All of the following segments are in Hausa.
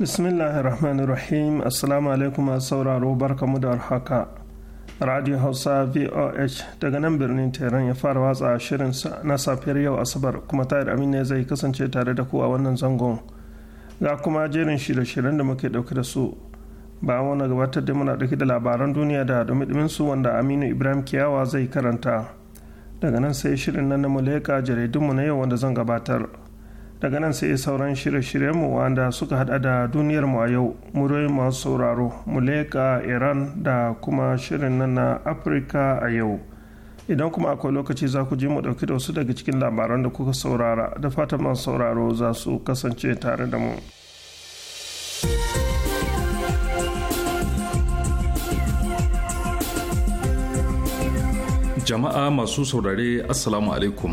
rahim assalamu alaikum a sauraro barkamu da haka radio hausa voh daga nan birnin tehran ya fara watsa shirin na safiyar yau asabar kuma tayar amina zai kasance tare da ku a wannan zangon ga kuma jerin shirye-shiryen da muke dauke da su ba wani gabatar da muna dauke da labaran duniya da dumi su wanda aminu ibrahim kiyawa zai karanta daga nan sai shirin nan na muleka jaridunmu na yau wanda zan gabatar daga nan sai sauran shirye-shiryenmu wanda suka hada da duniyarmu a yau murai masu sauraro muleka iran da kuma shirin nan na afirka a yau idan kuma akwai lokaci za ku je mu dauki da wasu daga cikin labaran da kuka saurara da fatan masu sauraro za su kasance tare da mu jama'a masu saurare assalamu alaikum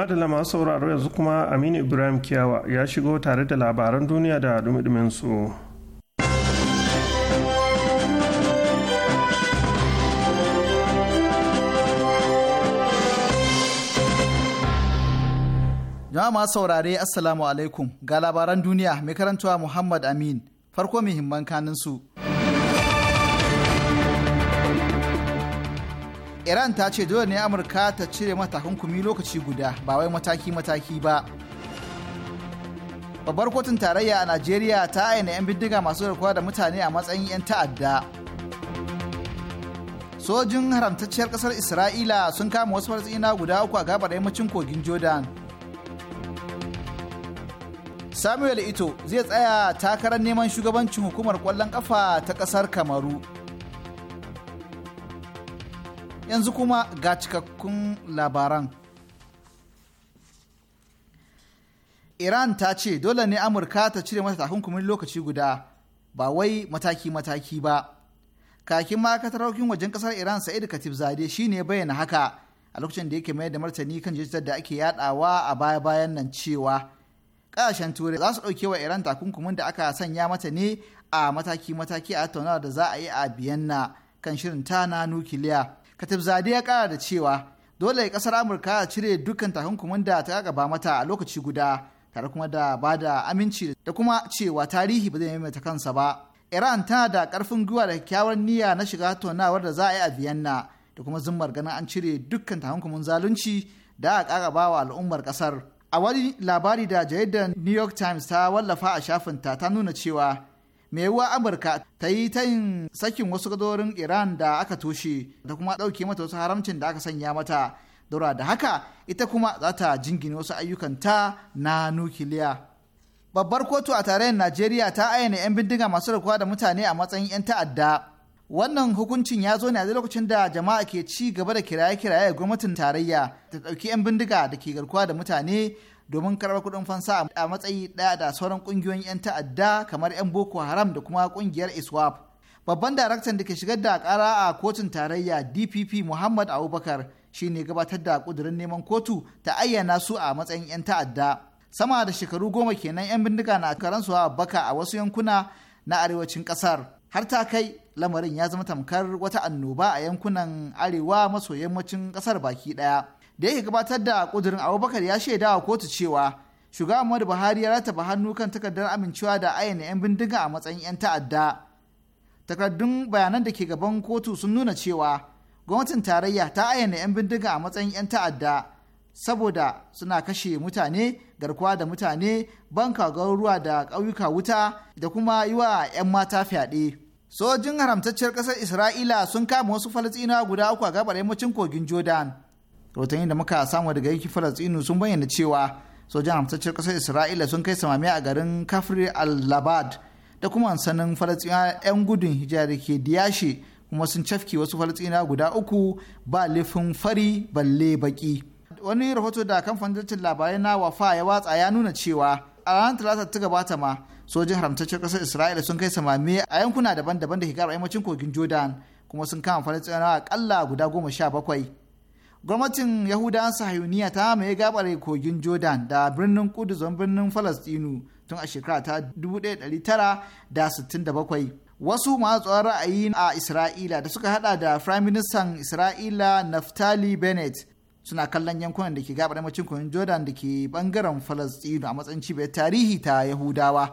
madalla masu sauraro yanzu kuma aminu ibrahim kiyawa ya shigo tare da labaran duniya da dumi su. jama'a saurare assalamu alaikum ga labaran duniya mai karantawa muhammad amin farko muhimman kanin su. iran ta ce dole ne amurka ta cire mata kumi lokaci guda ba wai mataki-mataki ba babbar kotun tarayya a najeriya ta aina 'yan bindiga masu rikuwa da mutane a matsayin 'yan ta'adda sojin haramtacciyar kasar isra'ila sun kama wasu na guda uku a gabar yammacin kogin jordan samuel ito zai tsaya takarar neman shugabancin hukumar kwallon kafa ta kasar kamaru yanzu kuma ga cikakkun labaran iran ta ce dole ne amurka ta cire mata takunkumin lokaci guda ba wai mataki-mataki ba kakin ma'aikatar harkokin wajen kasar iran sa'id katib zade shine bayyana haka a lokacin da yake mayar da martani kan jirgin da ake yadawa a baya-bayan nan cewa kasashen turai za su ɗauke wa iran takunkumin da aka sanya mata ne a mataki-mataki a tattaunawa da za a yi a biyanna kan shirin ta na nukiliya katib zadi ya kara da cewa dole kasar Amurka a cire dukkan takunkumin da ta gaba mata a lokaci guda tare kuma da ba da aminci da kuma cewa tarihi ba zai maimaita kansa ba. Iran tana da karfin gwiwa da kyakkyawar niyya na shiga tonawar da za a yi a Vienna da kuma zummar ganin an cire dukkan takunkumin zalunci da a kara wa al'ummar kasar. A wani labari da jaridar New York Times ta wallafa a shafinta ta nuna cewa mai yiwuwa amurka ta yi ta yin sakin wasu gadorin iran da aka toshe da kuma ɗauke mata wasu haramcin da aka sanya mata daura da haka ita kuma za ta jingine wasu ayyukanta na nukiliya babbar kotu a tarayyar najeriya ta ayyana 'yan bindiga masu rikuwa da mutane a matsayin 'yan ta'adda wannan hukuncin ya zo ne a lokacin da jama'a ke ci gaba da kiraye-kiraye gwamnatin tarayya ta ɗauki 'yan bindiga da ke garkuwa da mutane domin karɓar kuɗin fansa a matsayi ɗaya da sauran ƙungiyoyin 'yan ta'adda kamar 'yan boko haram da kuma ƙungiyar iswap babban daraktan da ke shigar da ƙara a kotun tarayya dpp muhammad abubakar shine gabatar da ƙudurin neman kotu ta ayyana su a matsayin 'yan ta'adda sama da shekaru goma kenan 'yan bindiga na karansu a a wasu yankuna na arewacin ƙasar har ta kai lamarin ya zama tamkar wata annoba a yankunan arewa maso yammacin ƙasar baki ɗaya da yake gabatar da kudurin abubakar ya shaida wa kotu cewa shugaban muhammadu buhari ya rataba hannu kan takardar amincewa da ayyana 'yan bindiga a matsayin 'yan ta'adda takardun bayanan da ke gaban kotu sun nuna cewa gwamnatin tarayya ta ayyana 'yan bindiga a matsayin 'yan ta'adda saboda suna kashe mutane garkuwa da mutane banka garuruwa da ƙauyuka wuta da kuma yi wa 'yan mata fyaɗe sojin haramtacciyar ƙasar isra'ila sun kama wasu falasɗinawa guda uku a gabar yammacin kogin jordan rahoton da muka samu daga yankin falastinu sun bayyana cewa sojan hamsacciyar ƙasar isra'ila sun kai samami a garin kafri al-labad da kuma sanin falastinawa 'yan gudun hijira ke Diyashe kuma sun cafke wasu falastinawa guda uku ba laifin fari balle baki wani rahoto da kamfanin dattin labarai na wafa ya watsa ya nuna cewa a ranar talata ta gabata ma sojin haramtaccen ƙasar isra'ila sun kai samami a yankuna daban-daban da ke kara yammacin kogin jordan kuma sun kama falastinawa akalla guda goma sha bakwai gwamnatin yahudan sahayuniya ta mai gabare kogin jordan da birnin kudu zon birnin falastinu tun a shekara ta 1967 wasu masu ra'ayi a isra'ila da suka hada da prime minister isra'ila naftali bennett suna kallon yankunan da ke gabar macin kogin jordan da ke bangaren falastinu a matsayin cibiyar tarihi ta yahudawa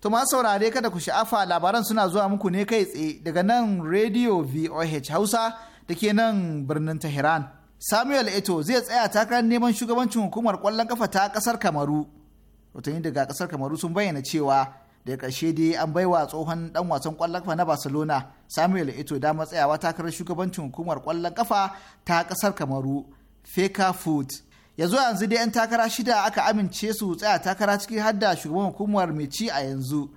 to ma saurare kada ku sha'afa labaran suna zuwa muku ne kai tsaye daga nan radio voh hausa da ke nan birnin Tehran. Samuel Eto zai tsaya takarar neman shugabancin hukumar kwallon kafa ta kasar Kamaru. Rotanni daga kasar Kamaru sun bayyana cewa daga ƙarshe dai an bai wa tsohon dan wasan kwallon kafa na Barcelona Samuel Eto dama tsayawa takarar shugabancin hukumar kwallon kafa ta kasar Kamaru. Feka Food. Yanzu yanzu dai 'yan takara shida aka amince su tsaya takara ciki har da shugaban hukumar mai ci a yanzu.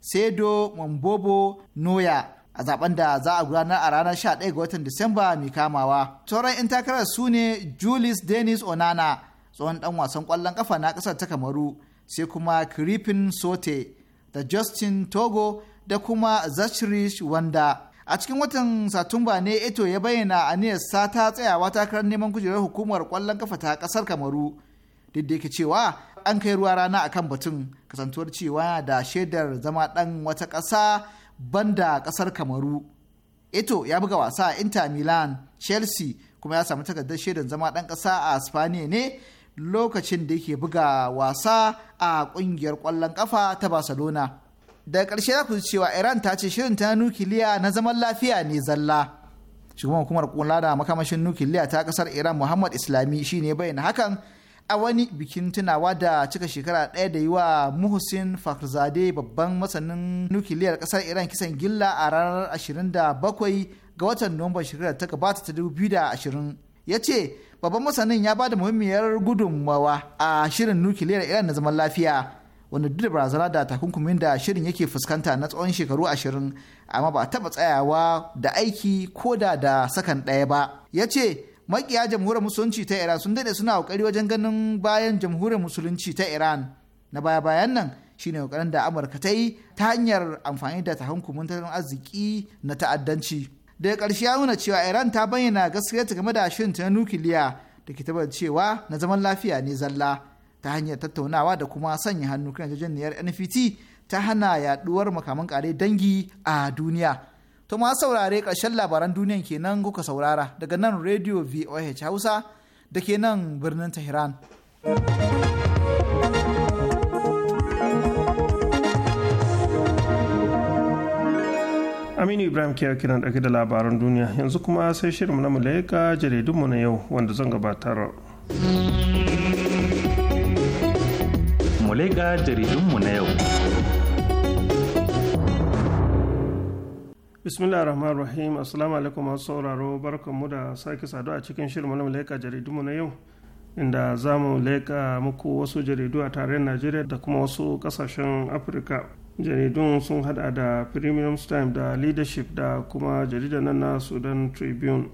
Sedo Mambobo Noya a zaben da za a gudanar a ranar 11 ga watan Disamba mai kamawa. Sauran 'yan takarar su ne Julius Dennis Onana tsohon dan wasan kwallon kafa na kasar ta Kamaru sai kuma Kripin Sote da Justin Togo da kuma Zachrish Wanda. A cikin watan Satumba ne Eto ya bayyana aniyarsa ta tsayawa takarar neman kujerar hukumar kwallon kafa ta kasar Kamaru. Duk yake cewa an kai ruwa rana akan batun kasantuwar cewa da shaidar zama dan wata ƙasa banda kasar kamaru eto ya buga wasa a inter milan chelsea kuma ya samu takardar shaidar zama ɗan ƙasa a spaniya ne lokacin da yake buga wasa a ƙungiyar ƙwallon ƙafa ta barcelona daga ƙarshe za ku ji cewa iran ta ce shirin ta nukiliya na zaman lafiya ne zalla shugaban hukumar kula da makamashin nukiliya ta kasar iran muhammad islami shine bayyana hakan a wani bikin tunawa da cika shekara ɗaya da yi wa muhsin fakhrizade babban masanin nukiliyar ƙasar iran kisan gilla a ranar 27 ga watan nuwamban shekarar ta gabata ta 2020 ya ce babban masanin ya ba da muhimmiyar gudunmawa a shirin nukiliyar iran na zaman lafiya wanda duk da barazana da takunkumin da shirin yake fuskanta na tsawon shekaru ashirin amma ba a taɓa tsayawa da aiki ko da da sakan ɗaya ba ya ce makiya jamhuriyar musulunci ta iran sun daɗe suna ƙoƙari wajen ganin bayan jamhuriyar musulunci ta iran na baya bayan nan shine ƙoƙarin da amurka ta yi ta hanyar amfani da takunkumin tattalin arziki na ta'addanci daga ƙarshe ya nuna cewa iran ta bayyana gaskiyarta game da shirin ta nukiliya da ke tabbatar cewa na zaman lafiya ne zalla ta hanyar tattaunawa da kuma sanya hannu kan yarjejeniyar nft ta hana yaduwar makaman kare dangi a duniya To ma saurare ƙarshen labaran duniyan kenan kuka saurara daga nan Radio VOH Hausa da ke nan birnin Tehran. Aminu Ibrahim ke kiran ɗauke da labaran duniya yanzu kuma sai shirin na malaika jaridunmu na yau wanda zan gabatar. Mulaika jaridunmu na yau. bismillah rahman rahim assalamu alaikum masu sauraro barkanmu da sake sadu a cikin shirin malam laika jaridunmu na yau inda za mu laika muku wasu jaridu a tarayyar najeriya da kuma wasu kasashen afirka jaridun sun hada da premium time da leadership da kuma jaridar nan na sudan tribune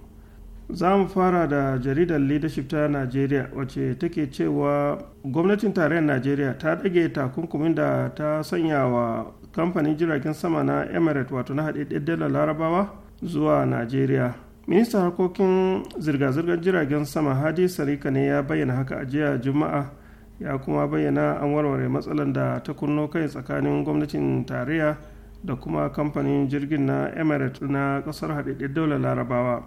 za mu fara da jaridar leadership ta najeriya wacce take cewa gwamnatin tarayyar najeriya ta ɗage takunkumin da ta sanya wa kamfanin jiragen sama na emirates wato na haɗaɗɗen dalar larabawa zuwa najeriya ministan harkokin zirga-zirgar jiragen sama hadi sarika ne ya bayyana haka a jiya juma'a ya kuma bayyana an warware matsalar da ta kunno kai tsakanin gwamnatin tarayya da kuma kamfanin jirgin na emirates na ƙasar haɗaɗɗen dalar larabawa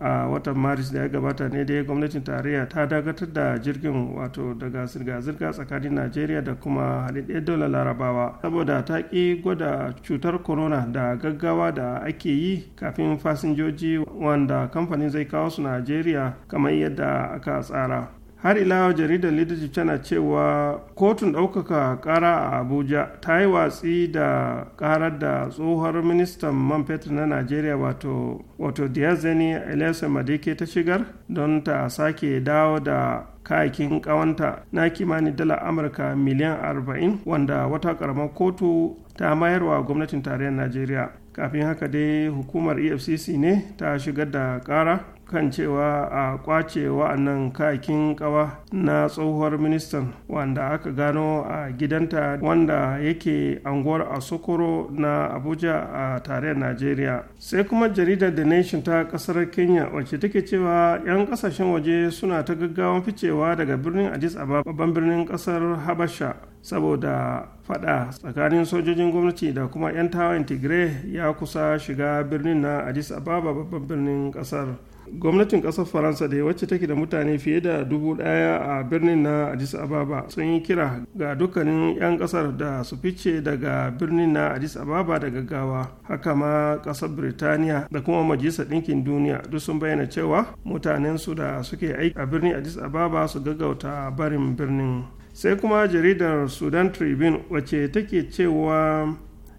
a watan maris da ya gabata ne dai gwamnatin tarayya ta dakatar da jirgin wato daga zirga-zirga tsakanin najeriya da kuma halittiyar dole larabawa saboda ta ƙi gwada cutar corona da gaggawa da ake yi kafin fasinjoji wanda kamfanin zai kawo su najeriya kamar yadda aka tsara har ila jaridar leadership tana cewa kotun ɗaukaka ƙara a abuja ta yi watsi da ƙarar da tsohuwar ministan man fetur na najeriya wato wato diazeni elisa madike ta shigar don ta sake dawo da kayakin ƙawanta na kimanin dala amurka miliyan 40 wanda wata ƙaramar kotu ta mayarwa gwamnatin tarayyar najeriya kafin haka dai hukumar efcc ne ta shigar da ƙara kan cewa a kwace wa'annan kakin kawa na tsohuwar ministan wanda aka gano a gidanta wanda yake anguwar a sokoro na abuja a tarayyar najeriya sai kuma jaridar the nation ta kasar kenya wacce take cewa 'yan kasashen waje suna ta gaggawan ficewa daga birnin addis ababa babban birnin kasar habasha saboda fada tsakanin sojojin gwamnati da kuma 'yan tawayen tigray ya kusa shiga birnin na addis ababa babban birnin kasar gwamnatin ƙasar faransa da wacce take da mutane fiye da dubu ɗaya a birnin na addis ababa sun yi kira ga dukkanin 'yan ƙasar da su fice daga birnin na addis ababa da gaggawa haka ma ƙasar birtaniya da kuma majalisar ɗinkin duniya duk sun bayyana cewa mutanen su da suke aiki a birnin addis ababa su gaggauta barin birnin sai kuma jaridar sudan tribune wacce take cewa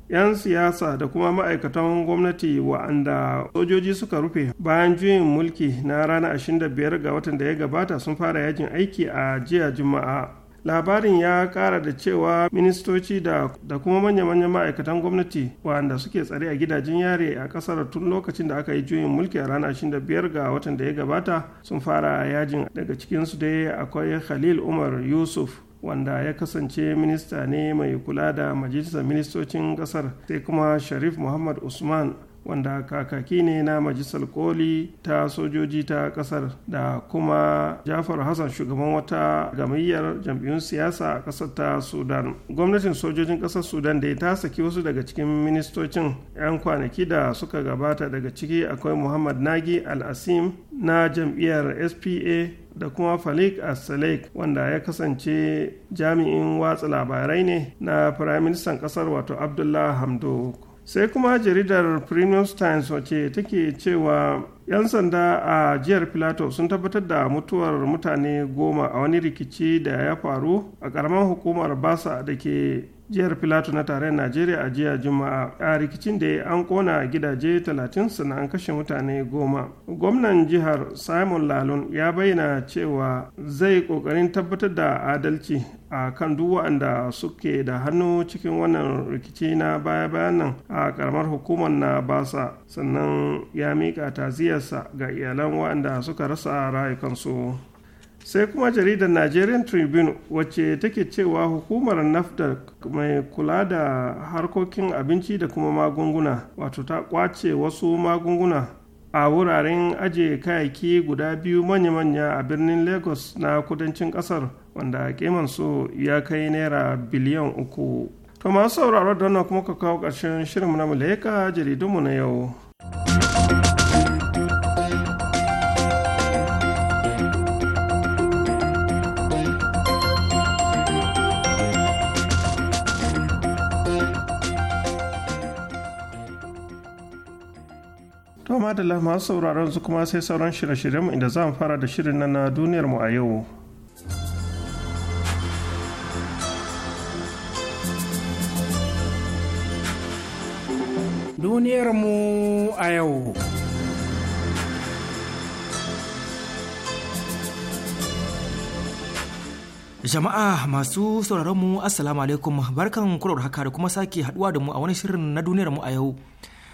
'yan siyasa da kuma ma'aikatan gwamnati wa'anda sojoji suka rufe bayan juyin mulki na ranar 25 ga watan da ya gabata sun fara yajin aiki a jiya juma'a labarin ya kara da cewa ministoci da kuma manya-manyan ma'aikatan gwamnati wa'anda suke tsare a gidajen yare a kasar tun lokacin da aka yi juyin mulki a ranar 25 ga watan da ya gabata sun fara yajin daga cikinsu dai akwai khalil umar yusuf wanda ya kasance minista ne mai kula da majalisar ministocin kasar sai kuma sharif muhammad usman wanda kakaki ne na majalisar koli ta sojoji ta kasar da kuma jafar hassan shugaban wata gamayyar jam'iyyun siyasa a kasar ta sudan gwamnatin sojojin kasar sudan da ta saki wasu daga cikin ministocin 'yan kwanaki da suka gabata daga ciki akwai muhammad nagi al-asim na jam'iyyar spa da kuma Falik As-Salek wanda ya kasance jami'in watsa labarai ne na Firaministan ƙasar wato Abdullah Hamdok. sai kuma jaridar premium times wace take cewa 'yan sanda a jihar filato sun tabbatar da mutuwar mutane goma a wani rikici da ya faru a karamar hukumar basa da ke jihar filato na tarayyar najeriya a jiya juma'a a rikicin da ya an kona gidaje 30 sana an kashe mutane goma gwamnan jihar simon lalon ya bayyana cewa zai kokarin tabbatar da adalci a kan duk waɗanda suke da hannu cikin wannan rikici na baya-bayan nan a karamar hukumar na basa sannan ya miƙa taziyarsa ga iyalan waɗanda suka rasa rayukansu. sai kuma jaridar nigerian tribune wacce take cewa hukumar nafda mai kula da harkokin abinci da kuma magunguna wato ta kwace wasu magunguna a wuraren ajiye kayayyaki guda biyu manya-manya a birnin lagos na kudancin kasar wanda su ya kai naira biliyan uku to masu sauraro don kuma ka kawo ƙarshen shirin na muleka jaridunmu na yau fama da masu sauraron su kuma sai sauran shirye-shiryenmu inda za mu fara da shirin nan na duniyarmu a yau. Duniyarmu a yau. Jama'a masu sauraron mu Assalamu alaikum barkan kurar haka da kuma sake haduwa da mu a wani shirin na duniyarmu a yau.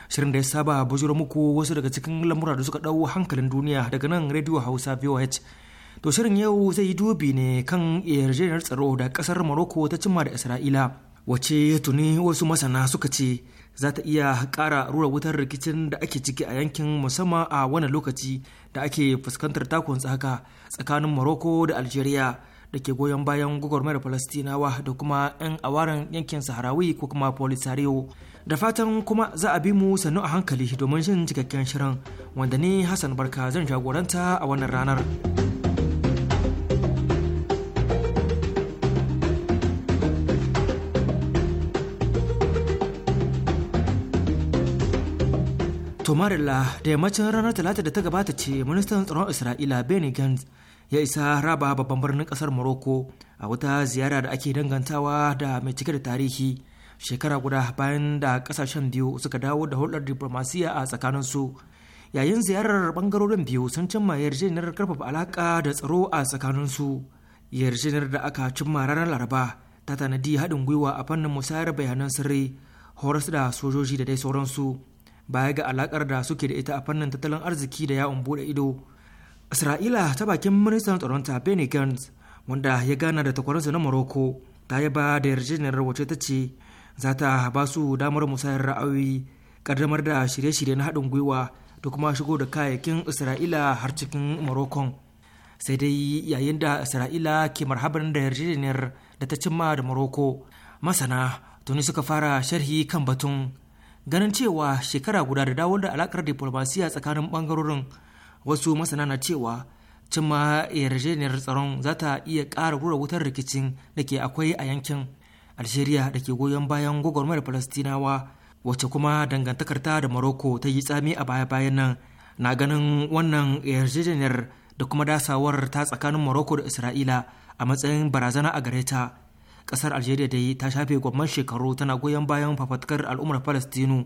shirin da ya saba bujiro muku wasu daga cikin lamura da suka ɗau hankalin duniya daga nan rediyo hausa voh to shirin yau zai yi dubi ne kan yarjejeniyar tsaro da ƙasar morocco ta cimma da isra'ila wace tuni wasu masana suka ce za ta iya kara rura wutar rikicin da ake ciki a yankin musamman a wani lokaci da ake fuskantar takun tsaka tsakanin morocco da algeria da ke goyon bayan gwagwarmayar falastinawa da kuma 'yan awaran yankin saharawi ko kuma polisario da fatan kuma za a bi mu sannu a hankali domin jin cikakken shirin wanda ni hassan barka zan jagoranta a wannan ranar tomarilla da yammacin ranar talata da ta gabata ce ministan tsaron isra'ila benny gantz ya isa raba babban birnin kasar morocco a wata ziyara da ake dangantawa da mai cike da tarihi shekara guda bayan da kasashen biyu suka dawo da hulɗar diplomasiya a tsakaninsu yayin ziyarar bangarorin biyu sun cimma yarjejeniyar karfafa alaka da tsaro a tsakaninsu yarjejeniyar da aka cimma ranar laraba ta tanadi haɗin gwiwa a fannin musayar bayanan sirri horas da sojoji da dai sauransu baya ga alakar da suke da ita a fannin tattalin arziki da yawon buɗe ido isra'ila ta bakin ministan tsaronta benny gantz wanda ya gana da takwarinsa na morocco ta yaba da yarjejeniyar wace ta ce za ta ba su damar musayar ra'ayoyi kaddamar da shirye-shirye na haɗin gwiwa da kuma shigo da kayayyakin isra'ila har cikin morocco sai dai yayin da isra'ila ke marhaban da yarjejeniyar da ta cimma da morocco masana tuni suka fara sharhi kan batun ganin cewa shekara guda da dawo da alakar diplomasiya tsakanin bangarorin wasu masana na cewa cimma yarjejeniyar tsaron za ta iya ƙara rura wutar rikicin da ke akwai a yankin algeria da ke goyon bayan gwagwarmayar falastinawa wacce kuma dangantakarta da morocco ta yi tsami a baya-bayan nan na ganin wannan yarjejeniyar da kuma dasawar ta tsakanin morocco da isra'ila a matsayin barazana a gare ta kasar algeria dai ta shafe gwamman shekaru tana goyon bayan fafatkar al'ummar palestinu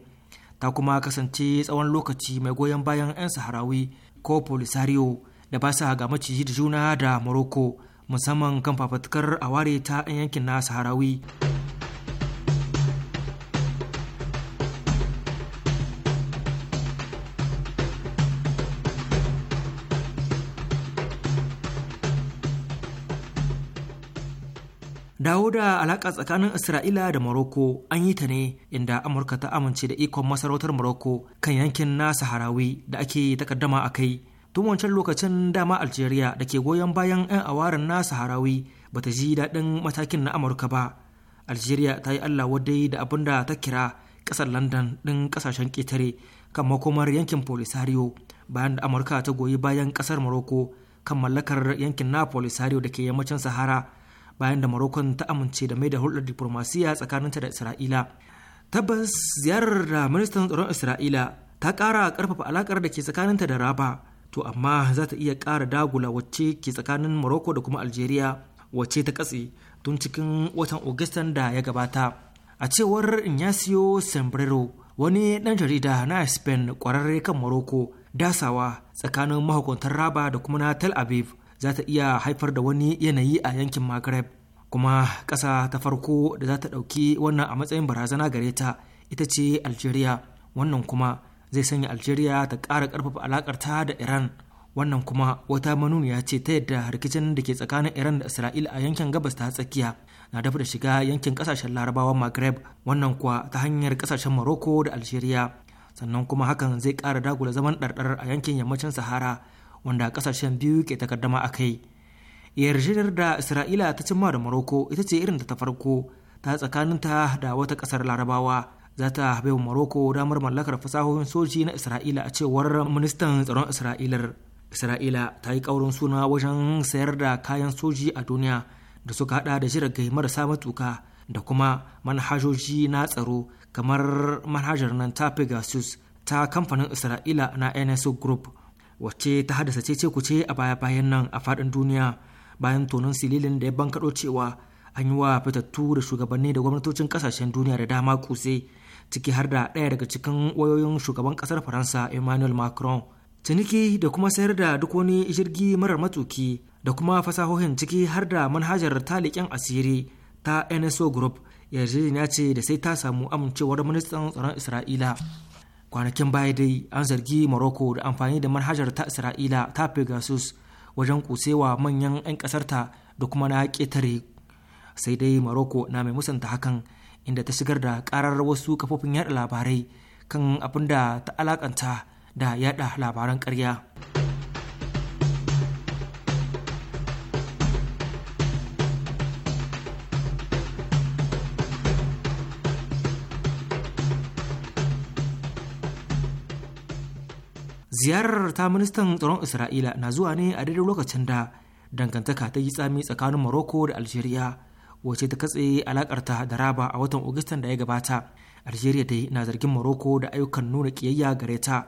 ta kuma kasance tsawon lokaci mai goyon bayan 'yan saharawi ko polisario da ba sa ga maciji da juna da morocco musamman kan fafatukar a ware ta 'yan yankin na saharawi dawo da alaƙa tsakanin isra'ila da morocco an yi ta ne inda amurka ta amince da ikon masarautar morocco kan yankin na saharawi da ake takaddama a kai tun wancan lokacin dama algeria da ke goyon bayan 'yan awarin na saharawi ba ta ji daɗin matakin na amurka ba algeria ta yi allah wadai da abin da ta kira ƙasar london ɗin ƙasashen ƙetare kan makomar yankin polisario bayan da amurka ta goyi bayan ƙasar morocco kan mallakar yankin na polisario da ke yammacin sahara bayan da morocco ta amince da mai da hulɗar diplomasiya tsakaninta da isra'ila tabbas ziyarar da ministan tsaron isra'ila ta ƙara ƙarfafa alaƙar da ke tsakaninta da raba to amma za ta iya ƙara dagula wacce ke tsakanin morocco da kuma algeria wacce ta katse tun cikin watan augustan da ya gabata a cewar ignacio sembrero wani ɗan jarida na spain ƙwararre kan morocco dasawa tsakanin mahukuntar raba da kuma na tel aviv za ta iya haifar da wani yanayi a yankin maghreb kuma ƙasa ta farko da za ta ɗauki wannan a matsayin barazana gare ta ita ce algeria wannan kuma zai sanya algeria ta ƙara ƙarfafa alakarta da iran wannan kuma wata manuniya ce ta yadda rikicin da ke tsakanin iran da isra'ila a yankin gabas ta tsakiya na dafa da shiga yankin kasashen larabawan maghreb wannan kuwa ta hanyar kasashen morocco da algeria sannan kuma hakan zai ƙara dagula zaman ɗarɗar a yankin yammacin sahara wanda kasashen biyu ke takaddama a kai yarjejeniyar da isra'ila ta cimma da morocco ita ce irin ta farko ta tsakaninta da wata ƙasar larabawa za ta baiwa Morocco damar mallakar fasahohin soji na Isra'ila a cewar ministan tsaron Isra'ilar. Isra'ila ta yi ƙaurin suna wajen sayar da kayan soji a duniya da suka hada da jiragai marasa matuka da kuma manhajoji na tsaro kamar manhajar nan ta Pegasus ta kamfanin Isra'ila na NSO Group wacce ta haddasa cece kuce a baya-bayan nan a faɗin duniya bayan tonon sililin da ya bankaɗo cewa an yi wa fitattu da shugabanni da gwamnatocin kasashen duniya da dama kutse ciki har da ɗaya daga cikin wayoyin shugaban ƙasar faransa emmanuel macron ciniki da kuma sayar da duk wani jirgi marar matuki da kuma fasahohin ciki har da manhajar talikin asiri ta nso group yarjejeniya ce da sai ta samu amincewar ministan tsaron isra'ila kwanakin baya dai an zargi morocco da amfani da manhajar ta isra'ila ta pegasus wajen kusewa manyan 'yan ƙasarta da kuma na ƙetare sai dai morocco na mai musanta hakan inda ta shigar da karar wasu kafofin yada labarai kan abin da ta alakanta da yada labaran karya. ziyarar ta ministan tsaron isra'ila na zuwa ne a daidai lokacin da dangantaka ta yi tsami tsakanin morocco da algeria wace ta katse alakarta da raba a watan Agustan da ya gabata. Algeria dai na zargin Morocco da ayyukan nuna kiyayya gare ta.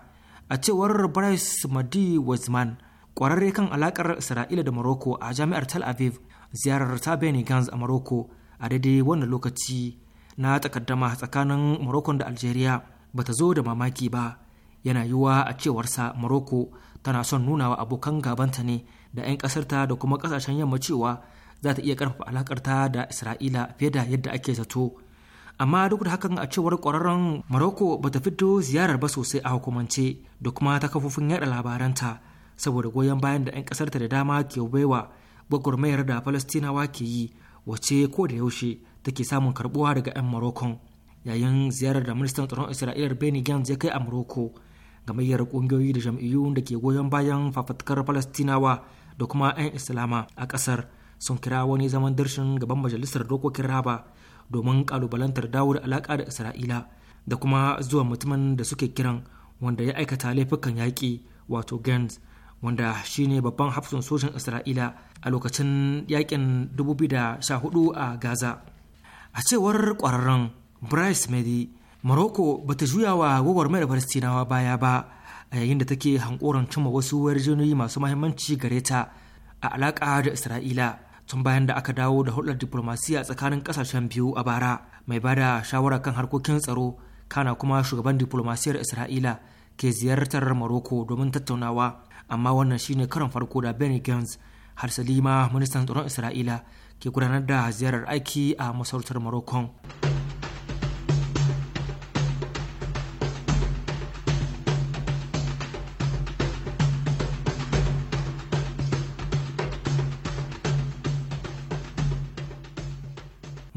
A cewar Bryce Madi Wazman, kwararre kan alakar Isra'ila da Morocco a jami'ar Tel Aviv, ziyarar ta Benny Gantz a Morocco a daidai wannan lokaci na takaddama tsakanin Morocco da Algeria bata zo da mamaki ba. Yana yiwuwa a cewarsa Morocco tana son nuna wa abokan gabanta ne da 'yan ƙasarta da kuma ƙasashen yamma cewa za ta iya karfafa alakar ta da isra'ila fiye da yadda ake zato amma duk da hakan a cewar kwararren maroko ba ta fito ziyarar ba sosai a hukumance da kuma ta kafofin yaɗa labaranta saboda goyon bayan da 'yan ƙasarta da dama ke baiwa gwagwarmayar da falastinawa ke yi wace ko da yaushe take samun karbuwa daga 'yan marokon yayin ziyarar da ministan tsaron isra'ila benny gantz ya kai a morocco gamayyar kungiyoyi da jam'iyyun da ke goyon bayan fafatkar falastinawa da kuma 'yan islama a kasar sun kira wani zaman darshin gaban majalisar dokokin raba domin kalubalantar dawo da alaka da isra'ila da kuma zuwa mutumin da suke kiran wanda ya aikata laifukan yaƙi wato gens wanda shine babban hafsun sojin isra'ila a lokacin yakin 2014 a gaza a cewar kwararren bryce medi morocco ba ta juya wa mai falastinawa baya ba a yayin da take hankoron cimma wasu yarjejeniyoyi masu mahimmanci gare ta a alaƙa da isra'ila tun bayan da aka dawo da hulɗar diplomasiya tsakanin ƙasashen biyu a bara mai ba da shawara kan harkokin tsaro kana kuma shugaban diplomasiyar isra'ila ke ziyartar maroko domin tattaunawa amma wannan shine karon farko da benny gans har salima ministan tsaron isra'ila ke gudanar da ziyarar aiki a masarautar marokon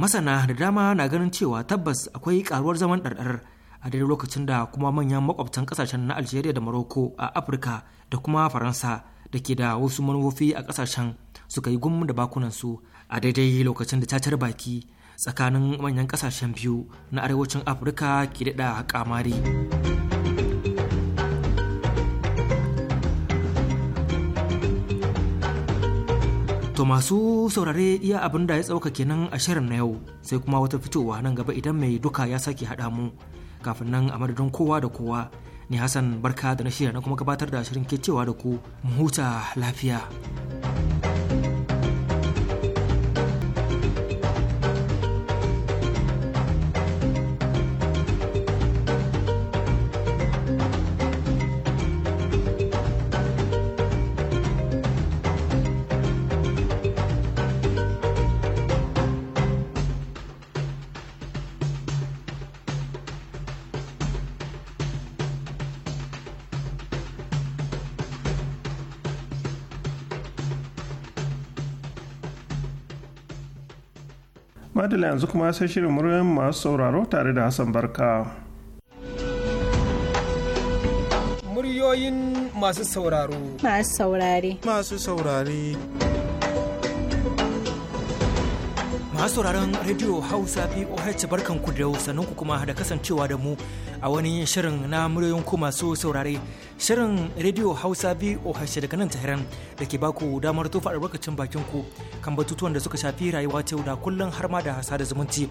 masana da dama na ganin cewa tabbas akwai karuwar zaman ɗarɗar a daidai lokacin da kuma manyan makwabtan kasashen na algeria da morocco a afirka da kuma faransa da ke da wasu manufofi a kasashen suka yi gum da bakunansu a daidai lokacin da cacar baki tsakanin manyan kasashen biyu na arewacin afirka ke daɗa kamari. To masu saurare iya abin da ya tsauka kenan a shirin na yau sai kuma wata fitowa nan gaba idan mai duka ya sake haɗa mu kafin nan a madadin kowa da kowa ni Hassan barka da na shirya na kuma gabatar da shirin ke cewa da ku mu huta lafiya. Allah yanzu kuma sai shirin muryoyin masu sauraro tare da Hassan Barka. Muryoyin masu sauraro. Masu saurare. Masu saurare. Masu sauraron Radio Hausa POH barkanku da sannan ku kuma da kasancewa da mu a wani shirin na muryoyin ku masu saurare shirin rediyo hausa voh daga nan tahiran da ke baku damar tofa albarkacin bakin ku kan batutuwan da suka shafi rayuwa ta da kullum har ma da hasa da zumunci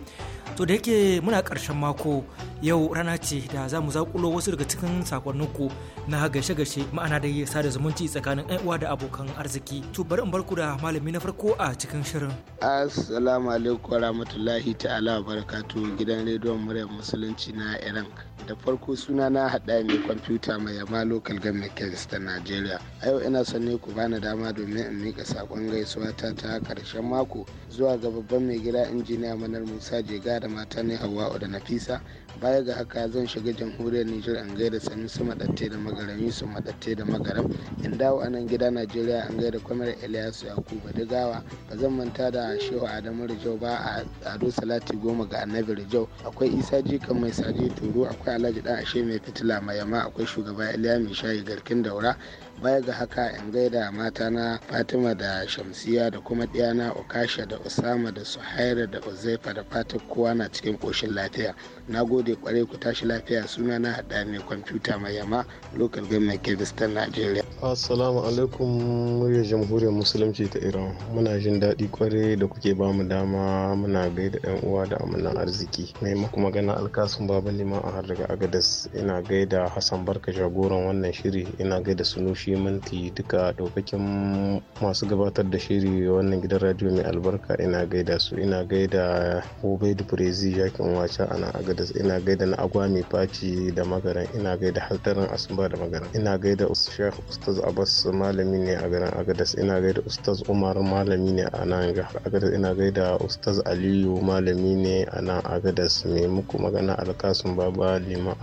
to da yake muna karshen mako yau rana ce da za mu zakulo wasu daga cikin sakonnin ku na gashe-gashe ma'ana da sada zumunci tsakanin yan uwa da abokan arziki to bari in barku da malami na farko a cikin shirin assalamu alaikum warahmatullahi ta'ala barakatuhu gidan rediyon muryar musulunci na iran da farko suna na haɗa ne kwamfuta mai yama local government kings ta nigeria a yau ina son ne ku bani dama domin in mika sakon gaisuwa ta ta karshen mako zuwa ga babban mai gida injiniya manar musa jega da mata ne hawa da nafisa baya ga haka zan shiga jamhuriyar nijar an gaida sami su madatte da magaram yusuf madatte da magaram in dawo a nan gida najeriya an gaida kwamar ilyasu yakubu digawa ba zan manta da shehu adamu rijau ba a ado salati goma ga annabi rijau akwai isa jikan mai saji turu akwai alhaji dan ashe mai fitila mai yama akwai shugaba iliya mai shayi garkin daura baya ga haka in gaida matana fatima da shamsiya da kuma ɗiyana okasha da usama da suhaira da uzaifa da fatan kowa na cikin koshin lafiya na gode kwarai ku tashi lafiya suna na haɗa mai kwamfuta mai yama local government kebistan nigeria assalamu alaikum murya jamhuriyar musulunci ta iran muna jin daɗi kwarai da kuke ba mu dama muna gaida yan uwa da amanan arziki mai muku magana alkasun baba liman a har daga agadas ina gaida hassan barka jagoran wannan shiri ina gaida sunushi shi mulki duka ɗaukakin masu gabatar da shiri wannan gidan radio mai albarka ina gaida su ina gaida obaidu brezi jakin wacha ana agadas ina gaida na agwa mai faci da magaran ina gaida haltarin asuba da magaran ina gaida shekh ustaz abbas malami ne a garin agadas ina gaida ustaz umar malami ne a nan agadas ina gaida ustaz aliyu malami ne a nan agadas mai muku magana alkasun baba liman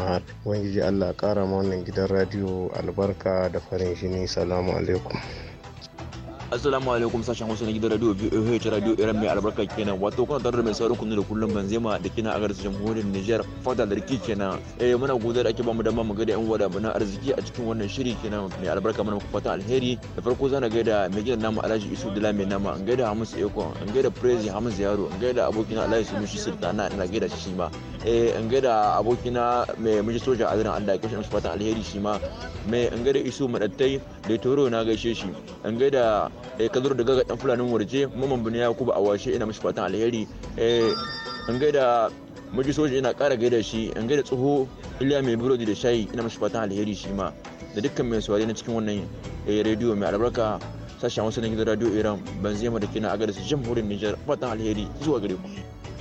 wani ji allah kara ma wannan gidan radio albarka da farin mai shi salamu alaikum assalamu alaikum sashen wasu na gidan radio voh radio iran mai albarka kenan wato kuna tare da mai saurin kunu da kullum banzema da kina a garin jamhuriyar niger fata da riki kenan eh muna godiya da ake bamu dama mu da yan wada da bana arziki a cikin wannan shiri kenan mai albarka mana fatan alheri da farko zan da mai gidan namu alhaji isu dila mai nama an gaida hamisu eko an gaida prezi hamisu yaro an gaida abokina alhaji sunushi sultana ina gaida shi shi ma eh an gaida abokina mai miji soja a zirin allah ya kashe fatan alheri shi ma mai an gaida isu madattai da toro na gaishe shi an gaida eh ka da gaga dan fulanin warje mamman bin yakubu a washe ina mishi fatan alheri eh an gaida muji soji ina kara gaida shi an gaida tsoho iliya mai burodi da shayi ina mishi fatan alheri shi ma da dukkan mai sauri na cikin wannan eh, rediyo mai albarka sashen wasu na gidan radio iran ban da kina a gadar jamhuriyar nijar fatan alheri zuwa gare ku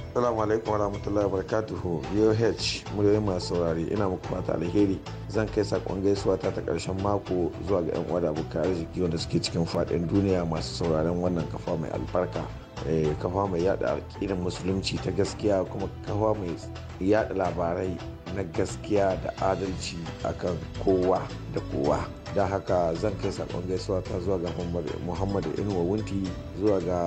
Assalamu alaikum warahmatullahi wabarakatuhu VOH muryoyin masu saurari ina muku fata alheri zan kai sakon gaisuwa ta ta karshen mako zuwa ga 'yan uwa da abokan arziki wanda suke cikin fadin duniya masu sauraron wannan kafa mai albarka eh, kafa mai yada aƙidar musulunci ta gaskiya kuma kafa mai yada labarai na gaskiya da adalci akan kowa da kowa da haka zan kai sakon gaisuwa ta zuwa ga muhammadu inuwa wunti zuwa ga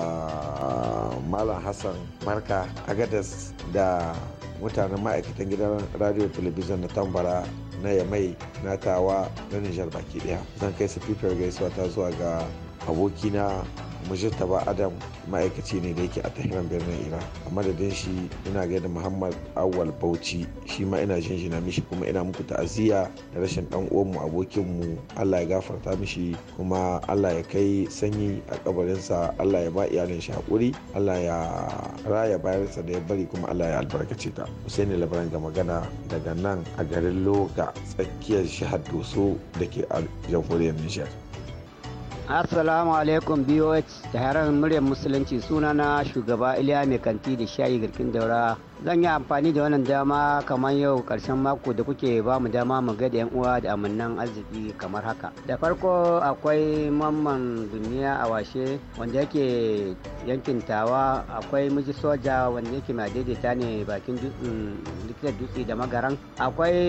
malam hassan marka agadas da mutanen ma'aikatan gidan radio talabijin na tambara na yamai na tawa na nijar baki daya zan kai safifiyar gaisuwa ta zuwa ga abokina taba adam ma'aikaci ne da yake a tahiran birnin iran a madadin shi ina gaida muhammad awal bauchi shi ma ina jinjina mishi kuma ina muku ta'aziyya da rashin dan uwanmu abokinmu allah ya gafarta mishi kuma allah ya kai sanyi a kabarinsa allah ya ba iyalin shi hakuri allah ya raya bayansa da ya bari kuma allah ya albarkace ta husaini labaran ga magana daga nan a garin loga tsakiyar shahar doso da ke a jamhuriyar nijar Assalamu alaikum BOH da muryar musulunci sunana shugaba Iliya Mai Kanti da Shayi Garkin Daura zan yi amfani da wannan dama kamar yau karshen mako da kuke ba mu dama mu ga yan uwa da amannan arziki kamar haka da farko akwai mamman duniya a washe wanda yake yankin tawa akwai miji soja wanda yake mai daidaita ne bakin likitar dutse da magaran akwai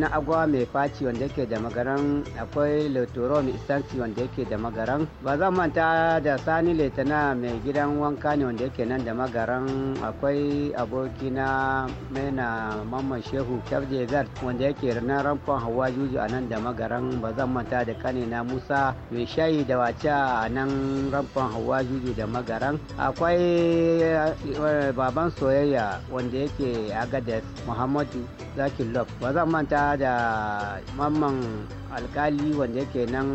na agwa mai faci wanda yake da magaran akwai lotoro mai istanci wanda yake da magaran ba zan manta da sani letana mai gidan wanka ne wanda yake nan da magaran akwai abu abokina maina mamman shehu kyarje wanda yake ranar ramfon hawa juju a nan da magaran ba zan manta da kanina musa mai shayi da wace a nan ramfon hawa juju da magaran akwai eh, baban soyayya wanda yake agades muhammadu zakin love ba zan manta da mamman alkali wanda yake nan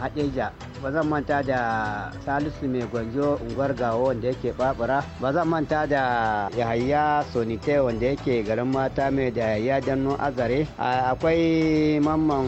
hadeja ba zan manta da salisu mai gwanjo unguwar gawo wanda yake babura ba zan manta da yahaya sonite wanda yake garin mata mai da yahaya danno azare akwai mamman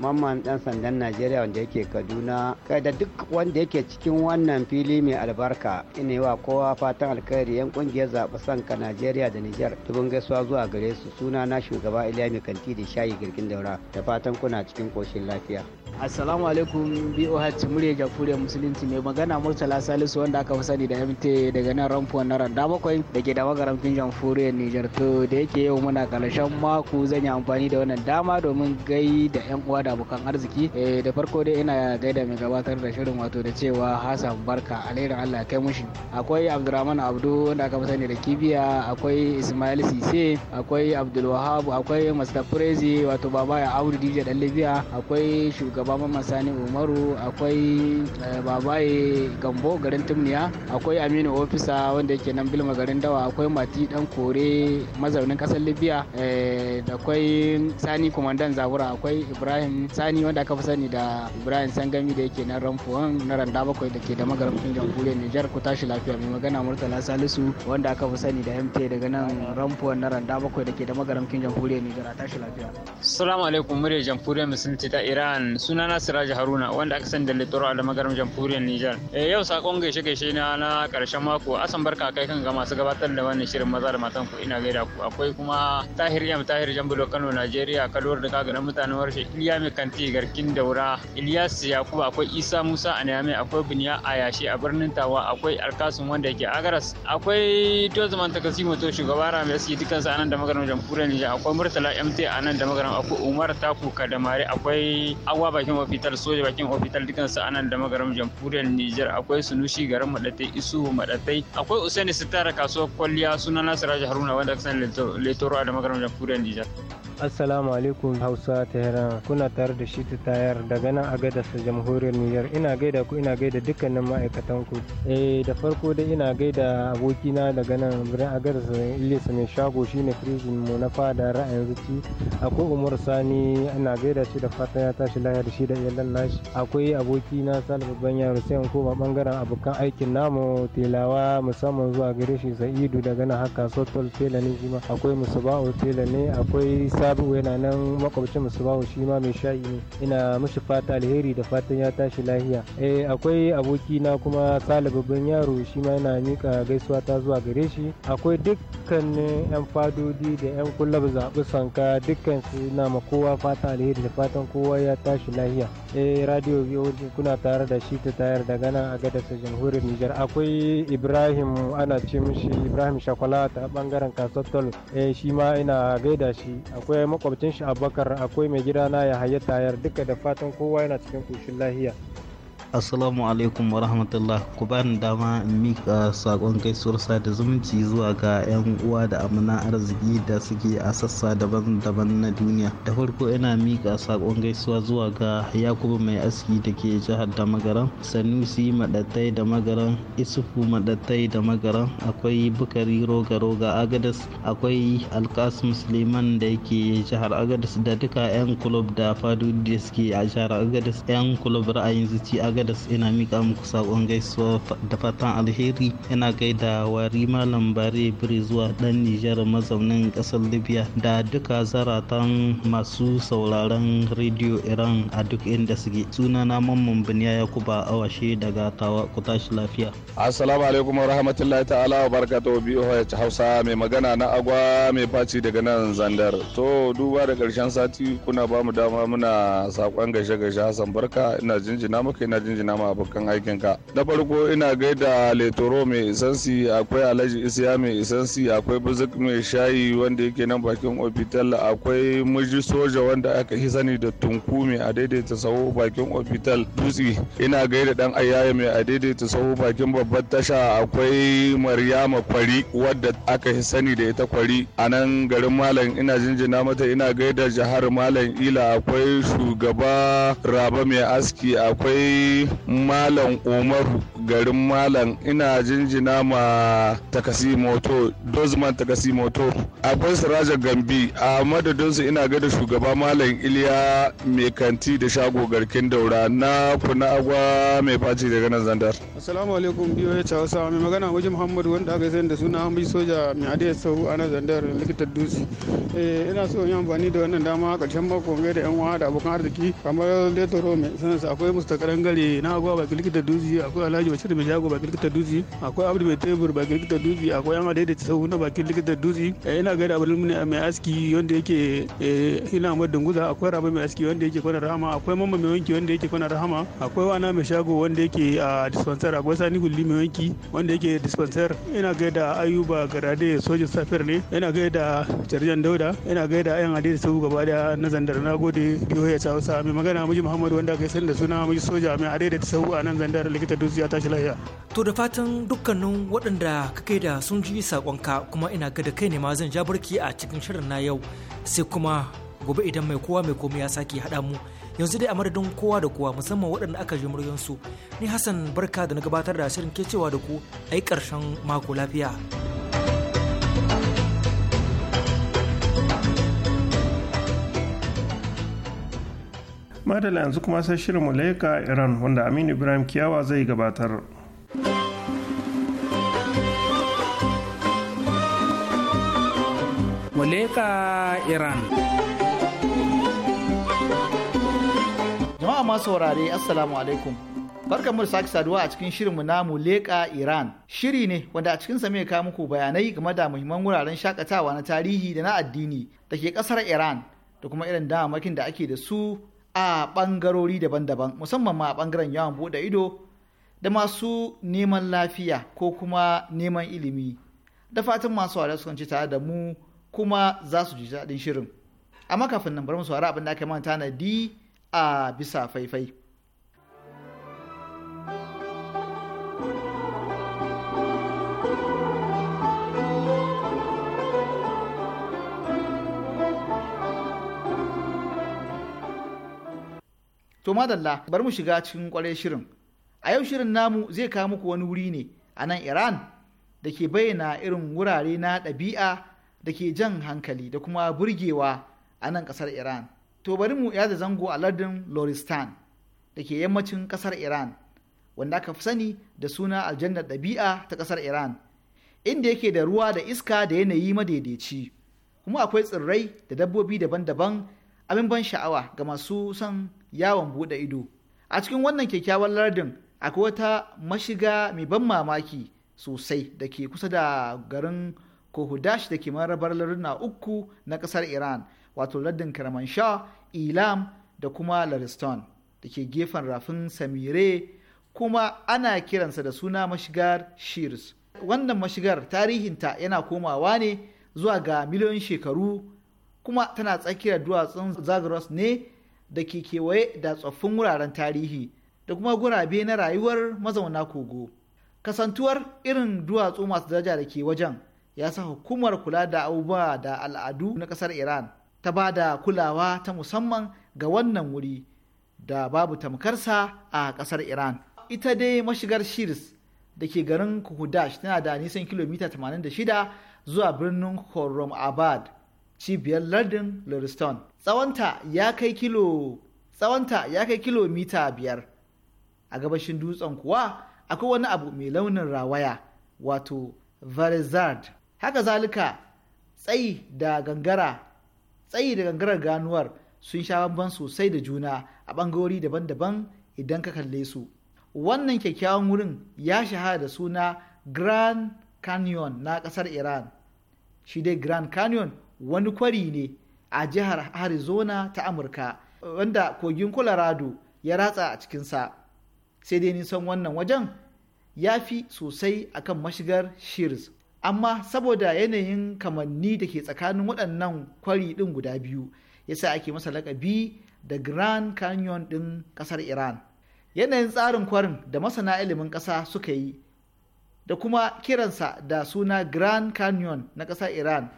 mamman dan sandan najeriya wanda yake kaduna kai da duk wanda yake cikin wannan fili mai albarka ina wa kowa fatan alkhairi yan kungiyar zaɓi sanka najeriya da nijar tubin gaisuwa zuwa gare su suna na shugaba iliya mai kanti da shayi girgin daura da fatan kuna cikin koshin lafiya Assalamu alaikum BOH murya jafuriyar musulunci mai magana Murtala Salisu wanda aka fi sani da MT daga nan ramfuwa na randa bakwai da ke da magaramfin jamfuriyar Nijar to da yake yau muna karshen mako zan yi amfani da wannan dama domin gai da yan uwa da abokan arziki eh, da farko dai ina gaida mai gabatar da shirin wato da cewa Hassan Barka alherin Allah kai mushi akwai Abdurrahman Abdu wanda aka fi sani da Kibiya akwai Ismail Sise akwai Abdulwahab, akwai mr Prezi wato Baba ya Audu DJ Dan Libya akwai shugaban shugaba mamman sani umaru akwai eh, babaye gambo garin timniya akwai aminu ofisa wanda yake nan bilma garin dawa akwai mati dan kore mazaunin kasar libya eh, da akwai sani kumandan zabura akwai ibrahim sani wanda aka fi sani da ibrahim sangami da yake nan ramfuwan na randa bakwai da ke da magarafin jamhuriyar nijar ku tashi lafiya mai magana murtala salisu wanda aka fi sani da mt daga nan ramfuwan na randa bakwai da ke da magarafin jamhuriyar nijar a tashi lafiya assalamu alaikum muryar jamhuriyar musulunci ta iran su sunana Siraji Haruna wanda aka sani da Litoro a magaram jamhuriyar Nijar. Eh, yau sakon gaishe gaishe na na karshen mako asan barka kai kan ga masu gabatar da wannan shirin maza da matan ku ina gaida ku akwai kuma Tahir Yam Tahir Jambulo Kano Najeriya Kaduna da kaga mutanen warshe Iliya Mai Kanti Garkin Daura Ilyas Yakubu akwai Isa Musa a Niyame akwai Buniya a a birnin Tawa akwai Alkasun wanda yake Agaras akwai Tozuman Takasimo to shugaba Ramesi dukansu a nan da magaram jamhuriyar Nijar akwai Murtala MT a nan da magaram akwai Umar Taku Kadamare akwai Agwa bakin ofital soja bakin ofital dukkan su anan da magaram jamhuriyar nijar akwai sunushi garin madatai isu madatai akwai usaini sitara kasuwar kwalliya suna Nasiru haruna wanda san letoro da magaram jamhuriyar nijar Assalamu alaikum Hausa Tehran kuna tare da shi ta Tayar daga nan a gadas jamhuriyar Nijar ina gaida ku ina gaida dukkanin ma'aikatan ku eh da farko dai ina gaida abokina daga nan birnin Agadas Ilyas mai shago shine prison mu na fada ra'ayin zuci akwai Umar Sani ina gaida shi da fatan ya tashi lafiya da shi da iyalan nashi akwai aboki na sani babban yaro sai in koma bangaren abokan aikin namu telawa musamman zuwa gare shi sa'idu daga nan haka sotol tela ne shi ma akwai musuba'u tela ne akwai sabu yana nan makwabcin musuba'u shi ma mai shayi ne ina mishi fata alheri da fatan ya tashi lahiya eh akwai aboki na kuma sale babban yaro shi ma yana mika gaisuwa ta zuwa gare shi akwai dukkanin yan fadodi da yan kullab zaɓi sanka dukkan su na ma kowa fata alheri da fatan kowa ya tashi lahiya nahiya eh radio voa kuna tare da shi ta tayar da gana a gadasa ta jamhuriyar nijar akwai ibrahim ana ce mishi ibrahim shakwala ta bangaren kasatol eh shi ma ina gaida shi akwai makwabcin shi abubakar akwai mai gidana ya hayyata tayar duka da fatan kowa yana cikin koshin lahiya assalamu alaikum wa rahmatullah ku bani dama in mika sakon gaisuwar da zumunci zuwa ga yan uwa da amana arziki da suke a sassa daban-daban na duniya da farko ina mika sakon gaisuwa zuwa ga yakubu mai aski da ke jihar da magaran sanusi madatai da magaran isufu madatai da magaran akwai bukari roga roga agadas akwai alkasim suleiman da ke jihar agadas da duka yan club da fadu da suke a jihar agadas yan club ra'ayin zuci agadas agadas ina mika muku sakon gaisuwa da fatan alheri ina gaida wari malam bare biri zuwa dan nijar mazaunin kasar libya da duka zaratan masu sauraron rediyo iran a duk inda suke sunana mamman biniya yakuba awashe daga tawa ku tashi lafiya assalamu alaikum warahmatullahi ta'ala wa barakatuhu biyu hausa mai magana na agwa mai faci daga nan zandar to duba da karshen sati kuna ba mu dama muna sakon gaishe gaishe hassan barka ina jinjina muka ina jinjina ma abokan aikin ka na farko ina gaida letoro mai isansi akwai alhaji isiya mai isansi akwai buzuk mai shayi wanda yake nan bakin ofital akwai miji soja wanda aka hi sani da tunku mai a daidaita sahu bakin ofital dutse ina gaida dan ayaya mai a daidaita sahu bakin babbar tasha akwai maryama kwari wadda aka hi sani da ita kwari a nan garin malam ina jinjina mata ina gaida jihar malam ila akwai shugaba raba mai aski akwai malam umaru garin malam ina jinjina ma takasi moto dozman takasi moto akwai sirajar gambi a madadinsu ina gada shugaba malam iliya mai kanti da shago garkin daura na kuna agwa mai faci daga nan zandar assalamu alaikum biyo ya hausa mai magana waje muhammadu wanda aka sani da suna mai soja mai adai sau a nan zandar likitar dusi eh, ina so yi amfani da wannan dama karshen mako da yan wa da abokan arziki kamar letoro mai sanarsa akwai mustakaran gari na na ba bakin likita duzi akwai alhaji bashir mai shago bakin likita duzi akwai abdu mai tebur bakin likita duzi akwai yan adai da sauna ba bakin likita duzi eh, ina da abdul mai aski wanda yake eh, ina mai dunguza akwai rabu mai aski wanda yake kwana rahama akwai mamma mai wanki wanda yake kwana rahama akwai wana mai shago wanda yake a dispenser akwai sani gulli mai wanki wanda yake dispenser ina da ayuba garade sojin safir ne ina da jarjan dauda ina gaida yan adai da sau gaba da na zandar na gode biyo ya sa mai magana muji muhammadu wanda aka yi sani da suna muji soja mai a ta sahu a nan zandar likita dutse ya tashi lahiya. To da fatan dukkanin waɗanda kai da sun ji saƙonka kuma ina ga da kai ne ma zan ja barki a cikin shirin na yau sai kuma gobe idan mai kowa mai komai ya sake haɗa mu yanzu dai a madadin kowa da kowa musamman waɗanda aka ji muryansu ni Hassan barka da na gabatar da shirin ke cewa da ku a yi ƙarshen mako lafiya. madala yanzu kuma sai shirin mulaika iran wanda aminu ibrahim kiyawa zai gabatar muleka iran jama'a masu wurare assalamu alaikum barkanmu da sake saduwa a cikin shirinmu na Muleka Iran. Shiri ne wanda a cikinsa mai kawo muku bayanai game da muhimman wuraren shakatawa na tarihi da na addini da ke kasar Iran da kuma irin damakin da ake da su a ɓangarori daban-daban musamman ma a ɓangaren yawon buɗe ido da masu neman lafiya ko kuma neman ilimi da fatan masu wada su ci tare da mu kuma za su ji daɗin shirin amma kafin nan bari mu saurari abin da aka manta na di a bisa faifai. To madalla bari mu shiga cikin kwarai shirin. A yau shirin namu zai kawo muku wani wuri ne a nan Iran da ke bayyana irin wurare na ɗabi'a da ke jan hankali da kuma burgewa a nan ƙasar Iran. To bari mu yada zango a lardin Loristan da ke yammacin ƙasar Iran wanda aka fi sani da suna aljannar ɗabi'a ta ƙasar Iran inda yake da ruwa da iska da yanayi madaidaici. Kuma akwai tsirrai da dabbobi daban-daban abin ban sha'awa ga masu son yawon buɗe ido a cikin wannan kyakkyawan lardin akwai wata mashiga mai ban mamaki sosai da ke kusa da garin kohudash da ke marabar larduna uku na ƙasar iran wato lardin kermanshah ilam da kuma lariston da ke gefen rafin samire kuma ana kiransa da suna mashigar shears wannan mashigar tarihinta yana komawa ne zuwa ga miliyoyin shekaru kuma tana tsakiyar duwatsun zagros ne da ke kewaye da tsoffin wuraren tarihi da kuma gurabe na rayuwar mazauna kogo kasantuwar irin duwatsu masu daraja da ke wajen ya sa hukumar kula da abubuwa da al'adu na kasar iran ta ba da kulawa ta musamman ga wannan wuri da babu tamkarsa a kasar iran ita dai mashigar shirs da ke garin kuhudash tana da nisan kilomita 86 zuwa birnin khorram abad cibiyar lardin Lurston. Tsawonta ya kai kilo tsawonta kilomita biyar. A gabashin dutsen kuwa akwai wani abu mai launin rawaya wato Varizard. Haka zalika tsayi da gangara tsayi da gangarar ganuwar sun sha bamban sosai da juna a ɓangarori daban-daban idan ka kalle su. Wannan kyakkyawan wurin ya shahara da suna Grand Canyon na ƙasar Iran. Shi dai Grand Canyon wani kwari ne a jihar arizona ta amurka wanda kogin colorado ya ratsa a cikinsa sai dai nisan wannan wajen ya fi sosai a kan mashigar shears amma saboda yanayin kamanni da ke tsakanin waɗannan kwari ɗin guda biyu ya yasa ake masa lakabi da grand canyon ɗin ƙasar iran yanayin tsarin kwarin da masana ilimin ƙasa suka yi da kuma kiransa da suna grand canyon na ƙasar iran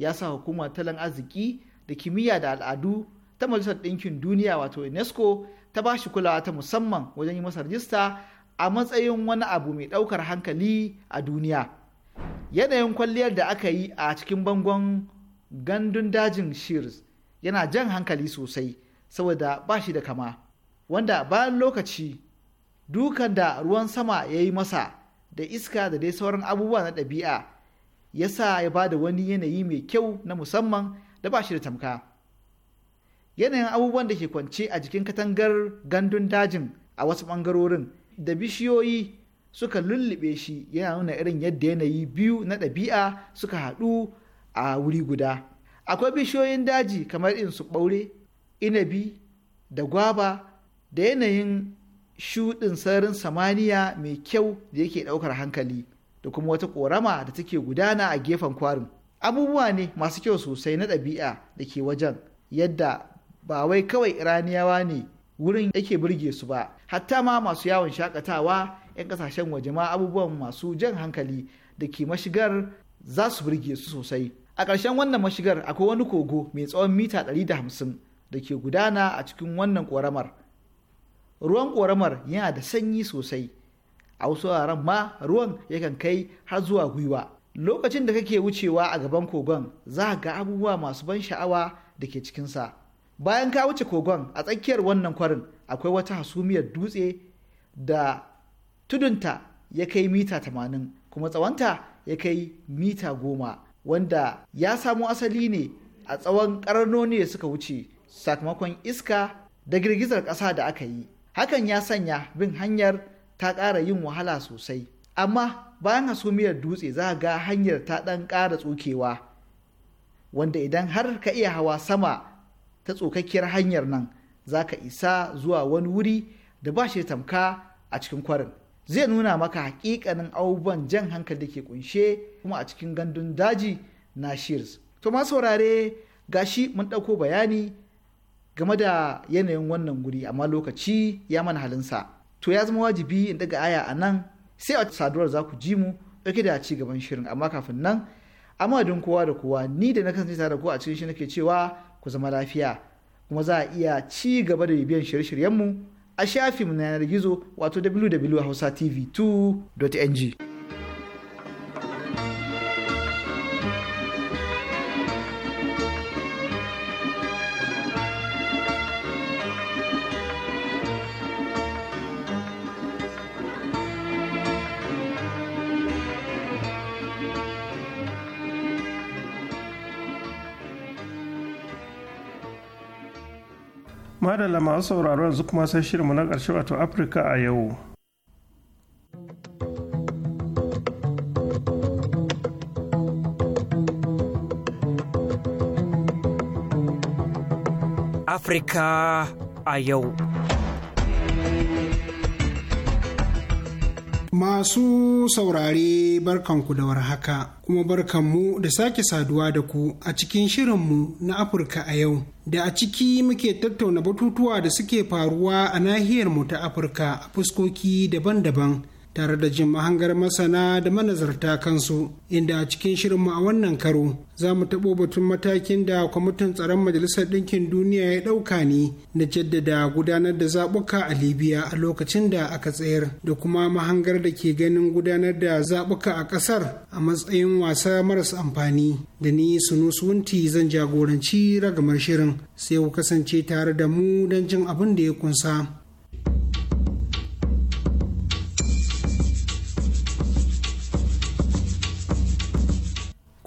ya sa hukumar talan arziki da kimiyya da al'adu ta majalisar ɗinkin duniya wato unesco ta ba shi kulawa ta musamman wajen yi masa rajista a matsayin wani abu mai ɗaukar hankali a duniya yanayin kwalliyar da aka yi a cikin bangon gandun dajin shears yana jan hankali sosai saboda ba shi da kama wanda bayan lokaci dukan da ruwan sama ya yi masa da iska da dai sauran abubuwa na ɗabi'a ya sa ya ba da wani yanayi mai kyau na musamman da ba shi da tamka yanayin abubuwan da ke kwance a jikin katangar gandun dajin a wasu ɓangarorin da bishiyoyi suka lullube shi yana nuna irin yadda yanayi biyu na ɗabi'a suka haɗu a wuri guda akwai bishiyoyin daji kamar in su ɓaure inabi da gwaba da yanayin shuɗin sararin samaniya mai kyau da yake ɗaukar hankali da kuma wata korama da take gudana a gefen kwarin abubuwa ne masu kyau sosai na ɗabi'a da ke wajen yadda ba wai kawai iraniyawa ne wurin yake burge su ba hatta ma masu yawon shakatawa 'yan kasashen waje ma abubuwan masu jan hankali da ke mashigar za su burge su sosai a ƙarshen wannan mashigar akwai wani kogo mai tsawon mita 150 da ke gudana a cikin wannan ƙoramar ruwan ƙoramar yana da sanyi sosai a wasu wuraren ma ruwan yakan kai har zuwa gwiwa lokacin da kake wucewa a gaban kogon za a ga abubuwa masu ban sha'awa da ke cikinsa bayan ka wuce kogon a tsakiyar wannan kwarin akwai wata hasumiyar dutse da tudunta ya kai mita tamanin kuma tsawonta ya kai mita goma wanda ya samo asali ne a tsawon ƙarnoni da suka wuce sakamakon iska da girgizar ƙasa da aka yi hakan ya sanya bin hanyar ta ƙara yin wahala sosai amma bayan hasumiyar dutse za a ga hanyar ta ɗan ƙara tsokewa wanda idan har ka iya hawa sama ta tsokakkiyar hanyar nan za ka isa zuwa wani wuri da ba shi tamka a cikin kwarin zai nuna maka hakikanin abubuwan jan hankali da ke kunshe kuma a cikin gandun daji na shears to ma saurare gashi mun ɗauko bayani game da yanayin wannan guri amma lokaci ya mana halinsa. to ya zama wajibi in daga aya a nan sai a saduwar za ku ji mu ɗauke da ci gaban shirin amma kafin nan amma don kowa da kowa ni da na kasance tare da ku a cikin shi nake cewa ku zama lafiya kuma za a iya ci gaba da bibiyan shirye-shiryenmu a shafinmu na yanar gizo wato www.hausatv2.ng. madalla masu sauraro yanzu kuma sai shirinmu na ƙarshe wato afirka a yau afirka a yau Masu saurare barkanku da warhaka kuma barkanmu da sake saduwa da ku a cikin shirinmu na Afirka a yau. Da a ciki muke tattauna batutuwa da suke faruwa a nahiyarmu ta Afirka a fuskoki daban-daban tare da jin mahangar masana da manazarta kansu inda a cikin shirinmu a wannan karo za mu taɓo batun matakin da kwamitin tsaron majalisar ɗinkin duniya ya ɗauka ne na jaddada gudanar da zaɓuka a libya a lokacin da aka tsayar da kuma mahangar da ke ganin gudanar da zaɓuka a ƙasar a matsayin wasa maras amfani da ni sunusunti zan jagoranci ragamar shirin sai ku kasance tare da mu don jin abin da ya kunsa.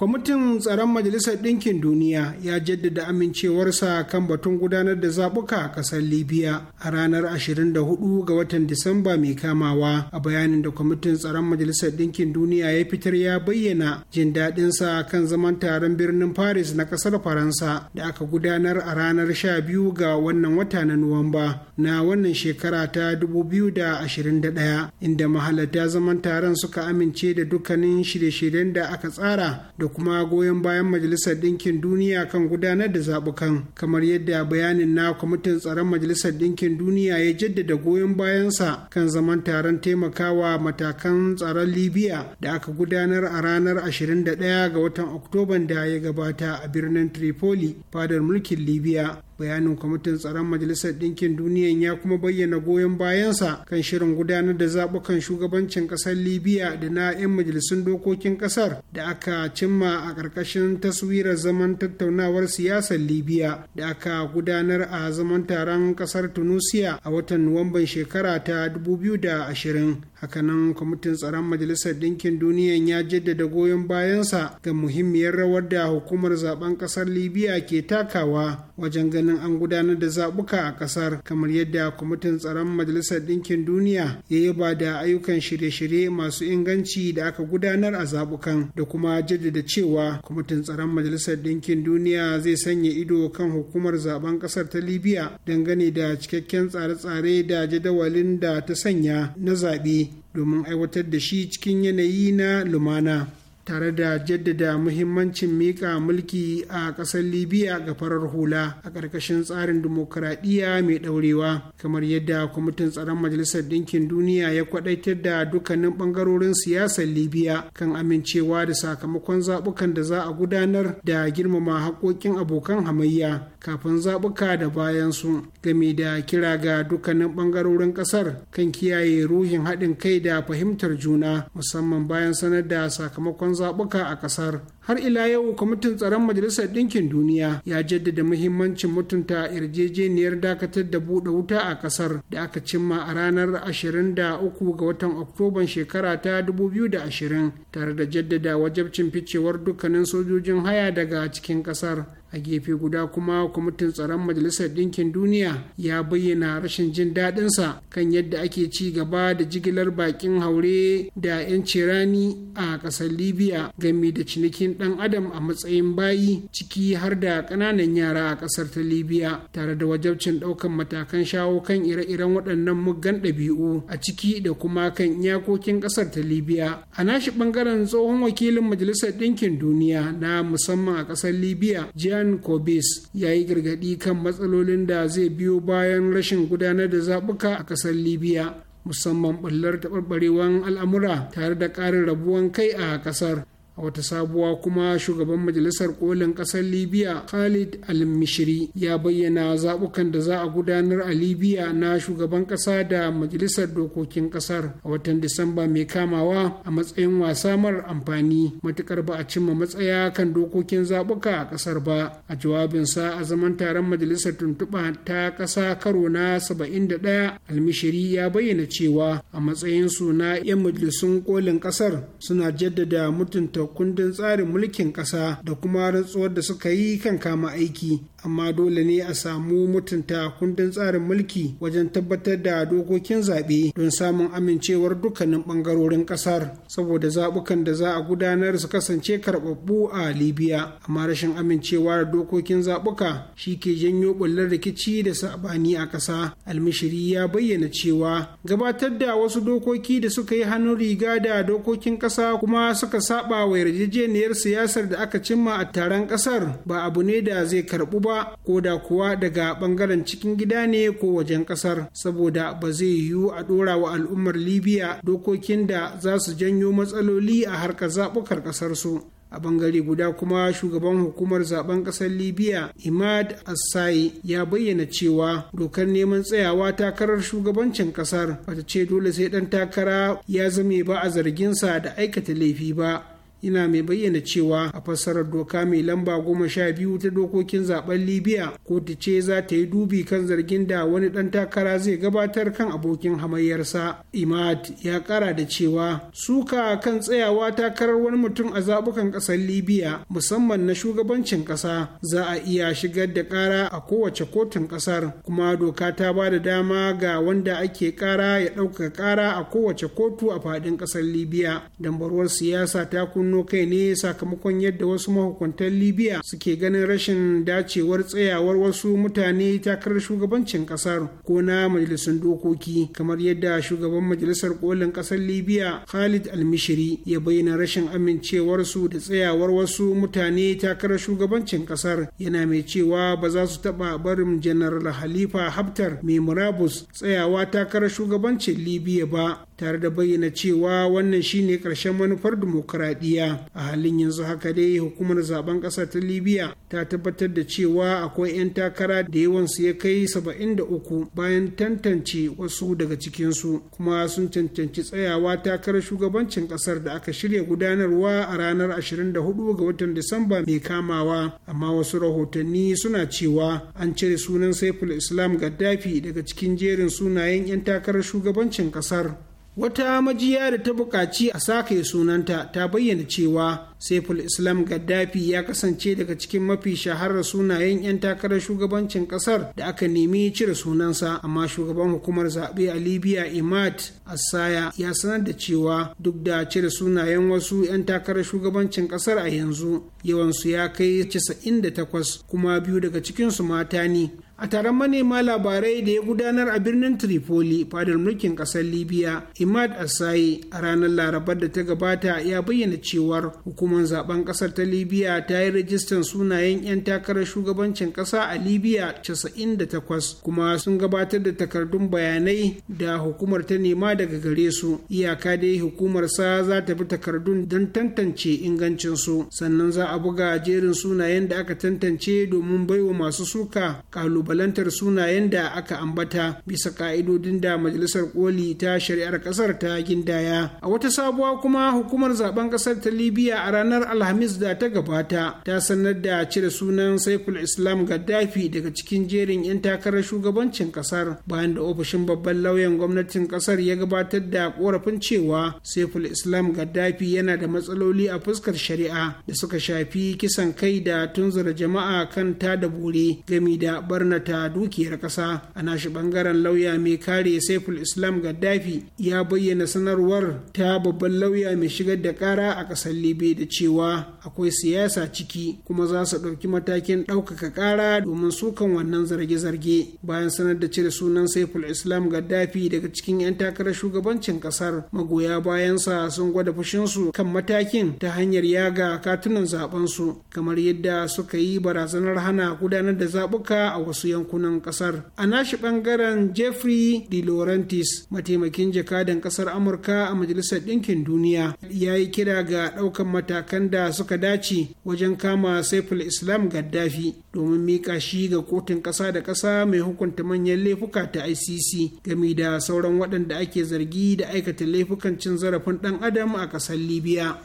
kwamitin tsaron majalisar ɗinkin duniya ya jaddada amincewarsa kan batun gudanar da zaɓuka a ƙasar libya a ranar 24 ga watan disamba mai kamawa a bayanin da kwamitin tsaron majalisar ɗinkin duniya ya fitar ya bayyana jin daɗinsa kan zaman taron birnin paris na ƙasar faransa da aka gudanar a ranar 12 ga wannan wata na nuwamba na wannan shekara ta 2021 inda mahalarta zaman taron suka amince da dukkanin shirye-shiryen da aka tsara da kuma goyon bayan majalisar ɗinkin duniya kan gudanar da zaɓukan kamar yadda bayanin na kwamitin tsaron majalisar ɗinkin duniya ya jaddada goyon bayansa kan zaman taron taimakawa matakan tsaron libya da aka gudanar a ranar 21 ga watan oktoban da ya gabata a birnin tripoli fadar mulkin libya bayanin kwamitin tsaron majalisar ɗinkin duniya ya kuma bayyana goyon bayansa kan shirin gudanar da zaɓukan shugabancin ƙasar libya da na 'yan majalisun dokokin ƙasar da aka cimma a ƙarƙashin taswirar zaman tattaunawar siyasar libya da aka gudanar a zaman taron ƙasar tunisia a watan nuwamban shekara ta 2020 hakanan kwamitin tsaron majalisar ɗinkin duniya ya jaddada goyon bayansa ga muhimmiyar rawar da hukumar zaben ƙasar libya ke takawa wajen ganin ganin an gudanar da zaɓuka a ƙasar kamar yadda kwamitin tsaron majalisar ɗinkin duniya ya yi ba da ayyukan shirye-shirye masu inganci da aka gudanar a zaɓukan da kuma jaddada cewa kwamitin tsaron majalisar ɗinkin duniya zai sanya ido kan hukumar zaben ƙasar ta libya dangane da cikakken tsare-tsare da jadawalin da ta sanya na zaɓe domin aiwatar da shi cikin yanayi na lumana. tare da jaddada muhimmancin miƙa mulki a ƙasar libya ga farar hula a ƙarƙashin tsarin dimokuraɗiyya mai ɗaurewa kamar yadda kwamitin tsaron majalisar ɗinkin duniya ya kwaɗaitar da dukkanin ɓangarorin siyasar libya kan amincewa da sakamakon zaɓukan da za a gudanar da girmama haƙoƙin abokan hamayya kafin zaɓuka da bayan su game da kira ga dukkanin ɓangarorin ƙasar kan kiyaye ruhin haɗin kai da fahimtar juna musamman bayan sanar da sakamakon zaɓuka a ƙasar har ila yau kwamitin tsaron majalisar ɗinkin duniya ya jaddada muhimmancin mutunta yarjejeniyar dakatar da buɗe wuta a ƙasar da aka cimma a ranar 23 ga watan oktoban shekara ta 2020 tare da jaddada wajabcin ficewar dukkanin sojojin haya daga cikin ƙasar a gefe guda kuma kwamitin tsaron majalisar ɗinkin duniya ya bayyana rashin jin daɗinsa kan yadda ake ci gaba da jigilar bakin haure da 'yan cirani a ƙasar libya gami da cinikin dan adam a matsayin bayi ciki har da ƙananan yara a ƙasar ta libya tare da wajabcin ɗaukan matakan shawo kan ire-iren waɗannan muggan ɗabi'u a ciki da kuma kan iyakokin ƙasar ta libya a nashi ɓangaren tsohon wakilin majalisar ɗinkin duniya na musamman a ƙasar libya jan kobes ya yi gargaɗi kan matsalolin da zai biyo bayan rashin gudanar da zaɓuka a ƙasar libya musamman ɓullar taɓarɓarewar al'amura tare da ƙarin rabuwan kai a ƙasar a wata sabuwa kuma shugaban majalisar kolin kasar libya khalid al-mishri ya bayyana zabukan da za a gudanar a libya na shugaban kasa da majalisar dokokin kasar a watan disamba mai kamawa a matsayin wasa mara amfani matukar ba a cimma matsaya kan dokokin zabuka a kasar ba a jawabinsa a zaman taron majalisar tuntuɓa ta kasa karo na 71 al-mishri ya bayyana cewa a matsayinsu na 'yan majalisun kolin kasar suna jaddada mutunta da kundin tsarin mulkin ƙasa da kuma rantsuwar da suka yi kan kama aiki amma dole ne a samu mutunta kundin tsarin mulki wajen tabbatar da dokokin zaɓe don samun amincewar dukkanin ɓangarorin ƙasar saboda zaɓukan da za a gudanar su kasance karɓaɓɓu a libya amma rashin amincewa da dokokin zaɓuka shi ke janyo ɓullar rikici da saɓani a ƙasa almishiri ya bayyana cewa gabatar da wasu dokoki da suka yi hannun riga da dokokin ƙasa kuma suka saɓa wa yarjejeniyar siyasar da aka cimma a taron ƙasar ba abu ne da zai karɓu ba kowa ko da kuwa daga bangaren cikin gida ne ko wajen kasar saboda ba zai yiwu a dora wa al'ummar libya dokokin da za su janyo matsaloli a harkar zaɓukar ƙasarsu a bangare guda kuma shugaban hukumar zaben ƙasar libya imad assai ya bayyana cewa dokar neman tsayawa takarar shugabancin ƙasar bata ce dole sai dan takara ya zame ba a zarginsa da aikata laifi ba ina mai bayyana cewa a fassarar doka mai lamba goma sha biyu ta dokokin zaben libya kotu ce za ta yi dubi kan zargin da wani ɗan takara zai gabatar kan abokin hamayyarsa imad ya kara da cewa suka kan tsayawa takarar wani mutum a zabukan kasar libya musamman na shugabancin kasa. za a iya shigar da kara a kowace kotun ƙasar kuma doka ta ba da dama ga wanda ake kara ya ɗaukaka kara a kowace kotu a faɗin kasar libya dambarwar siyasa ta kun kunno kai ne sakamakon yadda wasu mahukuntan libya suke ganin rashin dacewar tsayawar wasu mutane takarar shugabancin kasar ko na majalisun dokoki kamar yadda shugaban majalisar kolin kasar libya khalid almishiri ya bayyana rashin amincewar su da tsayawar wasu mutane takarar shugabancin kasar yana mai cewa ba za su taɓa barin janar halifa habtar mai murabus tsayawa takarar shugabancin libya ba tare da bayyana cewa wannan shine ƙarshen manufar dimokuraɗiyya libya a halin yanzu haka dai hukumar zaben ƙasa ta libya ta tabbatar da cewa akwai 'yan takara da yawansu ya kai 73 bayan tantance wasu daga cikinsu kuma sun cancanci tsayawa takarar shugabancin ƙasar da aka shirya gudanarwa a ranar 24 ga watan disamba mai kamawa amma wasu rahotanni suna cewa an cire sunan saiful islam gaddafi daga cikin jerin sunayen 'yan takarar shugabancin ƙasar wata majiya da ta buƙaci a sake sunanta ta bayyana cewa saiful islam gaddafi ya kasance daga cikin mafi shaharar sunayen 'yan takarar shugabancin kasar da aka nemi cire sunansa amma shugaban hukumar zaɓe a libya imad assaya ya sanar da cewa duk da cire sunayen wasu 'yan takarar shugabancin kasar a yanzu yawansu ya kai 98 kuma biyu daga cikinsu mata ne a taron manema labarai da ya gudanar a birnin tripoli fadar mulkin kasar libya imad asayi a ranar larabar da ta gabata ya bayyana cewar hukumar zaben kasar ta libya ta yi rajistan sunayen 'yan takarar shugabancin kasa a libya 98 kuma sun gabatar da takardun bayanai da hukumar ta nema daga gare su iyaka dai hukumar sa za ta bi takardun don tantance ingancin su sannan za a buga jerin sunayen da aka tantance domin baiwa masu suka kalu kalubalantar sunayen da aka ambata bisa ka'idodin da majalisar koli ta shari'ar kasar ta gindaya a wata sabuwa kuma hukumar zaben kasar ta libya a ranar alhamis da ta gabata ta sanar da cire sunan saiful islam gaddafi daga cikin jerin 'yan takarar shugabancin kasar bayan da ofishin babban lauyan gwamnatin kasar ya gabatar da korafin cewa saiful islam gaddafi yana da matsaloli a fuskar shari'a da suka shafi kisan kai da tunzura jama'a kan ta da bore gami da barna gwamnata dukiyar kasa a nashi bangaren lauya mai kare saiful islam gaddafi ya bayyana sanarwar ta babban lauya mai shigar da kara a kasar libya da cewa akwai siyasa ciki kuma za su ɗauki matakin ɗaukaka ƙara domin sukan wannan zarge-zarge bayan sanar da cire sunan saiful islam gaddafi daga cikin 'yan takarar shugabancin kasar magoya bayansa sun gwada fushinsu kan matakin ta hanyar yaga katunan su kamar yadda suka yi barazanar hana gudanar da zaɓuka a wasu wasu yankunan kasar a nashi bangaren jeffrey de laurentis mataimakin jakadan kasar amurka a majalisar ɗinkin duniya ya yi kira ga ɗaukan matakan da suka dace wajen kama saiful islam gaddafi domin mika shi ga kotun ƙasa da ƙasa mai hukunta manyan laifuka ta icc game da sauran waɗanda ake zargi da aikata laifukan cin zarafin ɗan adam a ƙasar libya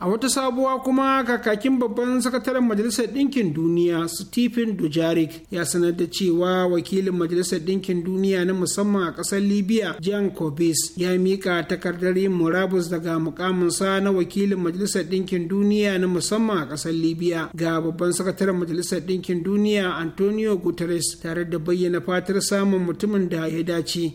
a wata sabuwa kuma kakakin babban sakataren majalisar ɗinkin duniya stephen dujarik ya sanar da cewa wakilin majalisar ɗinkin duniya na musamman a ƙasar libya jan kobis ya miƙa takardar yin murabus daga mukaminsa na wakilin majalisar ɗinkin duniya na musamman a ƙasar libya ga babban sakataren majalisar ɗinkin duniya antonio guterres tare da bayyana fatar samun mutumin da ya dace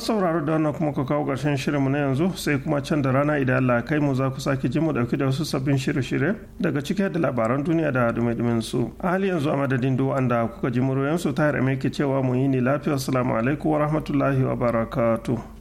masu sauraro da wannan kuma ka kawo ƙarshen shirinmu na yanzu sai kuma can da rana idan Allah kai mu za ku sake ji mu dauki da wasu sabbin shirye-shirye daga cike da labaran duniya da dume su a hali yanzu a madadin duk wanda kuka ji muryoyin su ta ke cewa mu yi ni lafiya assalamu alaikum wa rahmatullahi wa barakatu.